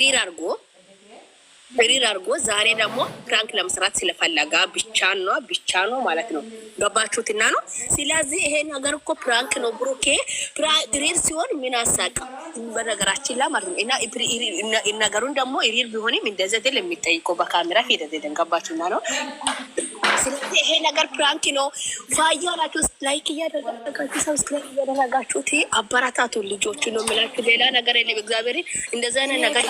ሪር አድርጎ ሪር አድርጎ ዛሬ ደግሞ ፕራንክ ለመስራት ስለፈለጋ ብቻ ነው ብቻ ነው ማለት ነው። ገባችሁትና ነው። ስለዚህ ይሄ ነገር እኮ ፕራንክ ነው። ብሩኬ ሪር ሲሆን ምን አሳቅ በነገራችን ላ ማለት ነው። እና ነገሩን ደግሞ ሪር ቢሆንም እንደዚህ የሚጠይቀው በካሜራ ፊት ገባችሁና ነው ስለዚህ ይሄ ነገር ፕራንክ ነው። ፋያላችሁ ላይክ እያደረጋችሁ ሰብስክራይብ እያደረጋችሁት አበረታቱ ልጆቹ ነው የምላችሁ። ሌላ ነገር የለም። እግዚአብሔር እንደዚህ አይነት ነገር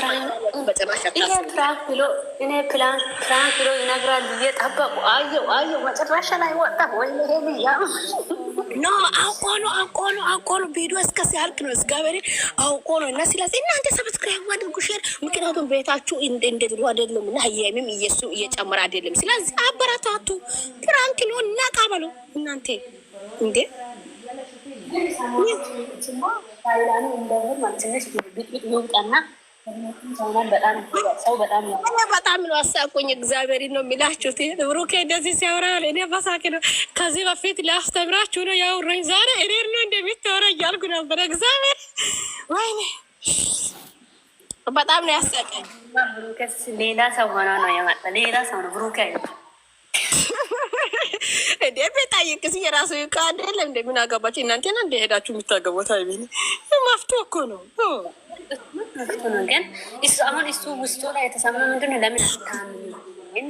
ብሎ እኔ ፕራንክ ብሎ ይነግራል ብዬ ጠበቁ። አየሁ አየሁ መጨረሻ ላይ ወጣ ወይ ይሄ ልያ ኖ አውቆ ነው አውቆ ነው አውቆ ነው ቪዲዮ እስከ ሲያልቅ ነው እግዚአብሔር አውቆ ነው። እና ስለዚህ እናንተ ሰብስክራይብ አድርጉ ሼር፣ ምክንያቱም ቤታችሁ እንደ አይደለም እና ሀያሚም እየሱ እየጨመረ አይደለም። ስለዚህ አበረታቱ። ፕራንክ ነው እና ቃበሉ እናንተ እንዴ ይውጣና በጣም ነው አሳቁኝ። እግዚአብሔር ነው የሚላችሁት። ብሩኬ እንደዚህ ሲያወራ እኔ በሳቅ ነው። ከዚህ በፊት ላስተምራችሁ ነው ያወራኝ። ዛሬ እኔን ነው እንደሚታወራ እያልኩ ነበረ። እግዚአብሔር ወይኔ በጣም ነው ያሳቀኝ። ሌላ ሰው ሆኖ ነው የመጣ ሌላ ሰው ነው ብሩኬ እንዴ ቤታየቅስ የራሱ ቃል የለም። እንደምን አገባችሁ እናንተና እንደሄዳችሁ የምታገቡት አይቤ ማፍቶ እኮ ነው እንትኑን ግን አሁን እሱ ውስጡ ላይ የተሰማ ምንድን ነው ለምን አታምን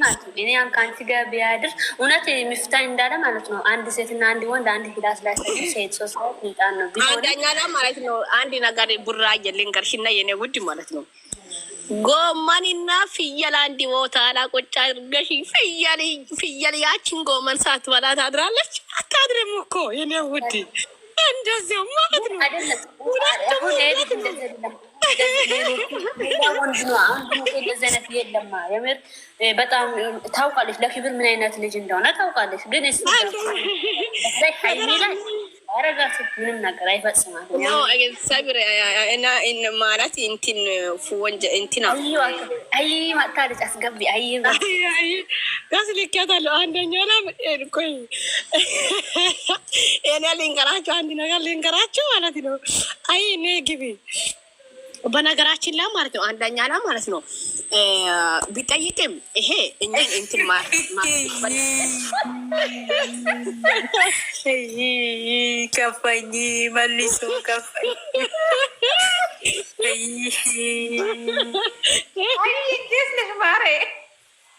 ማለት ነው። እኔ ከአንቺ ጋር ቢያድር እውነት የሚፍታ እንዳለ ማለት ነው። አንድ ሴትና አንድ ወንድ አንድ ክላስ ላይ ሴት ሶስት ሚጣን ነው ቢሆንኛ ማለት ነው። አንድ ነገር ቡራ ልንገርሽና የኔ ውድ ማለት ነው ጎመንና ፍየል አንድ ቦታ ላይ አድርገሽ ፍየል ያችን ጎመን ሳትበላ ታድራለች? አታድርም እኮ የኔ ውድ እንደዚያው ማለት ነው። የለማ የምር በጣም ታውቃለች፣ ለክብር ምን አይነት ልጅ እንደሆነ ታውቃለች። ግን ምንም ነገር አይፈጽማት አስገቢ አይ አንደኛ እኔ ልንገራቸው አንድ ነገር ልንገራቸው ማለት ነው። አይ እኔ ግቢ በነገራችን ላይ ማለት ነው አንደኛ ላይ ማለት ነው ቢጠይቅም ይሄ እኛ እንትን ከፈኝ መልሶ ከፈኝ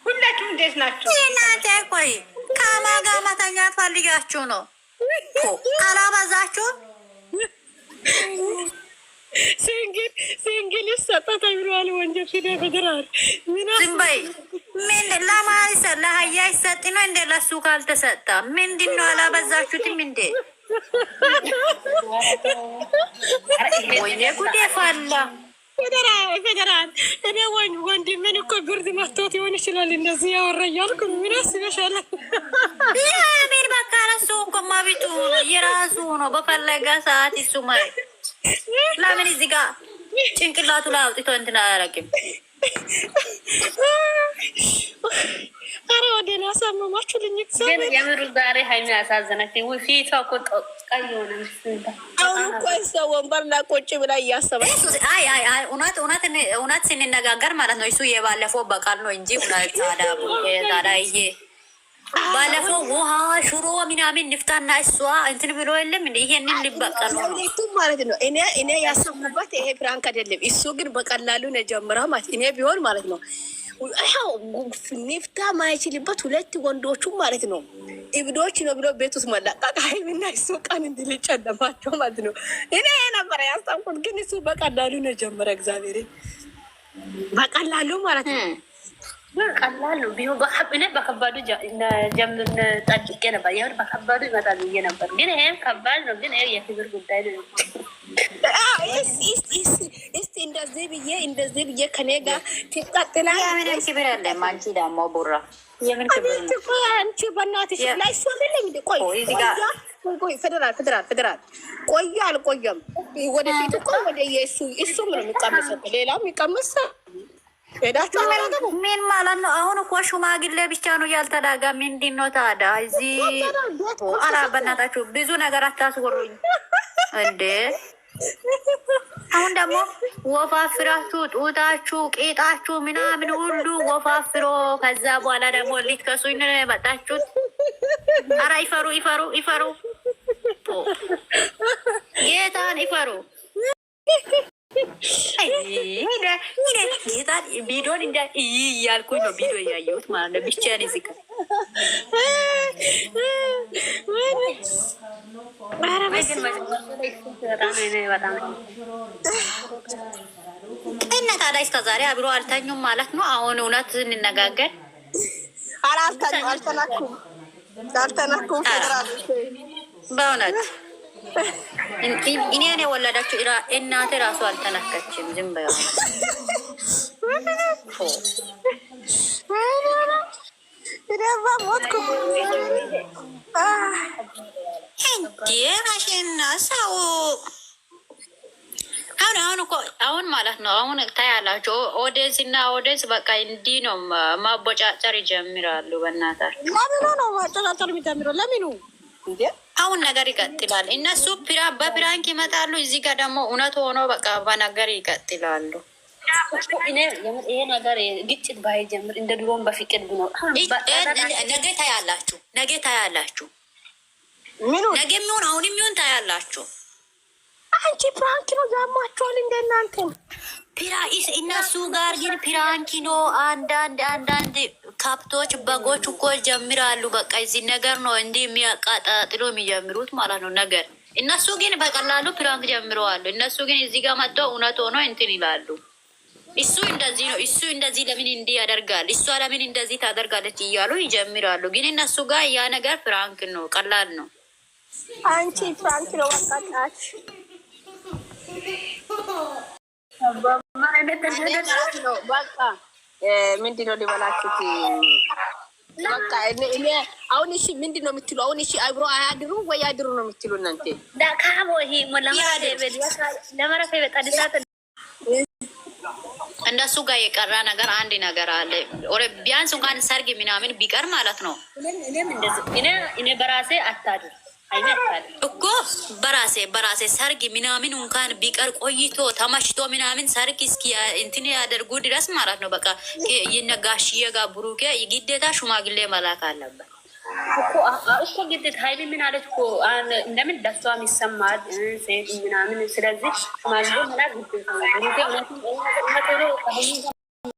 ሁላችሁ እንዴት ናቸው? እናንተ ቆይ ከማጋ መተኛት ፈልጋችሁ ነው አላበዛችሁም? ሲንግል ይሰጣ ተብሏል። ወንጀል ፊደ ፌደራል ዝም ምን ለማን ይሰጥ? ለሀያ ይሰጥ ነው እንዴ? ለሱ ካልተሰጠ ምንድን ነው? አላበዛችሁትም እንዴ? ወይኔ ጉዴ ፋላ ፌደራል ፌደራል። እኔ ወንድ ምን እኮ ብርድ መቶት ይሆን ይችላል። እንደዚህ ያወራ እያልኩ ምን አስበሻል? ምን በቃ ለሱ እኮ ማቢጡ የራሱ ነው። በፈለገ ሰዓት ይሱ ለምን እዚህ ጋር ጭንቅላቱ ላይ አውጥቶ እንትን አያረግም? አረ ወደኔ አሳመማችሁ ልኝ። የምሩ ዛሬ ሀይሚ ፊቷ እኮ ቀይ ሆነ። አሁን እኮ እሷ ወንበር ላይ ቁጭ ብላ እያሰባእውነት እውነት ስንነጋገር ማለት ነው እሱ የባለፈው በቃል ነው እንጂ እውነት ባለፈው ውሃ ሽሮ ምናምን ንፍታና እሷ እንትን ብሎ የለም ይሄንን ልበቀሉ ማለት ነው። እኔ እኔ ያሰብኩበት ይሄ ፕራንክ አይደለም። እሱ ግን በቀላሉ ነው ጀምራ ማለት እኔ ቢሆን ማለት ነው ንፍታ ማይችልበት ሁለት ወንዶቹ ማለት ነው እብዶች ነው ብሎ ቤት ውስጥ መላቃቃይም እና እሱ ቀን እንድልጨለማቸው ማለት ነው። እኔ ነበረ ያሰብኩት ግን እሱ በቀላሉ ነው ጀምረ እግዚአብሔር በቀላሉ ማለት ነው ቀላል ነው ቢሆን እኔ በከባዱ ጀምር ጠብቄ ነበር። የምር በከባዱ ይመጣል ብዬ ነበር፣ ግን ይሄም ከባድ ነው። ግን የክብር ጉዳይ ነው። እስቲ እንደዚህ ብዬ እንደዚህ ብዬ ከኔ ጋር ትቀጥላ። የምንም ክብር የለም። አንቺ ደግሞ ቡራ የምን ክብር አንቺ በእናትሽ ላይ እሱ ቆይ ቆይ ፌደራል ፌደራል ፌደራል ቆየ አልቆየም። ወደፊት እኮ ወደ የእሱ እሱ ምን የሚቀመሰ ሌላም ይቀመሳል ምን ማለት ነው? አሁን እኮ ሽማግሌ ብቻ ነው ያልተዳጋ። ምንድን ነው ታዲያ? እዚህ አላ በእናታችሁ ብዙ ነገር አታስወሩኝ እንዴ! አሁን ደግሞ ወፋፍራችሁ ጡታችሁ፣ ቄጣችሁ ምናምን ሁሉ ወፋፍሮ ከዛ በኋላ ደግሞ ሊትከሱኝ ነው የመጣችሁት። አራ ይፈሩ ይፈሩ ይፈሩ፣ ጌታን ይፈሩ። ጌታን ቪዲዮን እንደ እያልኩኝ ነው ቪዲዮ እያየሁት ማለት ነው። ብቻዬን እዚህ ጋር እና ታዲያ እስከ ዛሬ አብሮ አልተኙም ማለት ነው። አሁን እውነት እንነጋገር። አልተናኩም አልተናኩም፣ በእውነት እኔ ነው የወለዳችሁ። እናቴ ራሱ አልተነከችም። ዝም በይ ማሽና ሰው አሁን አሁን እኮ አሁን ማለት ነው። አሁን ታያላችሁ። ኦዴስ እና ኦዴስ በቃ እንዲህ ነው ማቦጫጨር ይጀምራሉ። በእናታችሁ ለምኑ ነው ማቦጫጨር የሚጀምረው? ለምኑ አሁን ነገር ይቀጥላል። እነሱ በፕራንክ ይመጣሉ። እዚህ ጋር ደግሞ እውነት ሆኖ በቃ በነገር ይቀጥላሉ። ይሄ ነገር ግጭት ባይጀምር እንደ ድሮን በፍቅር ብኖር ነገ ታያላችሁ። ነገ ታያላችሁ። ነገ የሚሆን አሁን የሚሆን ታያላችሁ። አንቺ ፕራንክ ነው ዛማችኋል። እንደ እናንተ ፒራ እነሱ ጋር ግን ፕራንክ ነው አንዳንድ አንዳንድ ከብቶች በጎች እኮ ጀምራሉ። በቃ እዚህ ነገር ነው እንዲህ የሚያቃጣጥሎ የሚጀምሩት ማለት ነው ነገር እነሱ ግን በቀላሉ ፕራንክ ጀምረዋሉ። እነሱ ግን እዚህ ጋር መጥቶ እውነት ሆኖ እንትን ይላሉ። እሱ እንደዚህ ነው፣ እሱ እንደዚህ ለምን እንዲህ ያደርጋል፣ እሷ ለምን እንደዚህ ታደርጋለች እያሉ ይጀምራሉ። ግን እነሱ ጋር ያ ነገር ፕራንክ ነው፣ ቀላል ነው። አንቺ ፕራንክ ነው ወጣጣች በቃ ምንድን ነው ሊበላችሁት? በቃ እኔ አሁን እሺ፣ ምንድን ነው የምትሉ አሁን? እሺ አብሮ አያድሩ ወይ አድሩ ነው የምትሉ እናንተ? እንደሱ ጋር የቀረ ነገር አንድ ነገር አለ። ቢያንስ እንኳን ሰርግ ምናምን ቢቀር ማለት ነው። እኔ በራሴ አታድር እኮ በራሴ በራሴ ሰርግ ምናምን እንኳን ቢቀር ቆይቶ ተመችቶ ምናምን ሰርግ እስኪ እንትን ያደርጉ ድረስ ማለት ነው። በቃ ይነጋሽዬ ጋር ብሩኬ ግዴታ ሽማግሌ መላክ አለበት እኮ ግዴታ። ሀይል ምን አለት እኮ እንደምን ደስታም ይሰማል ሴት ምናምን ስለዚህ ሽማግሌ ምና ግዴታ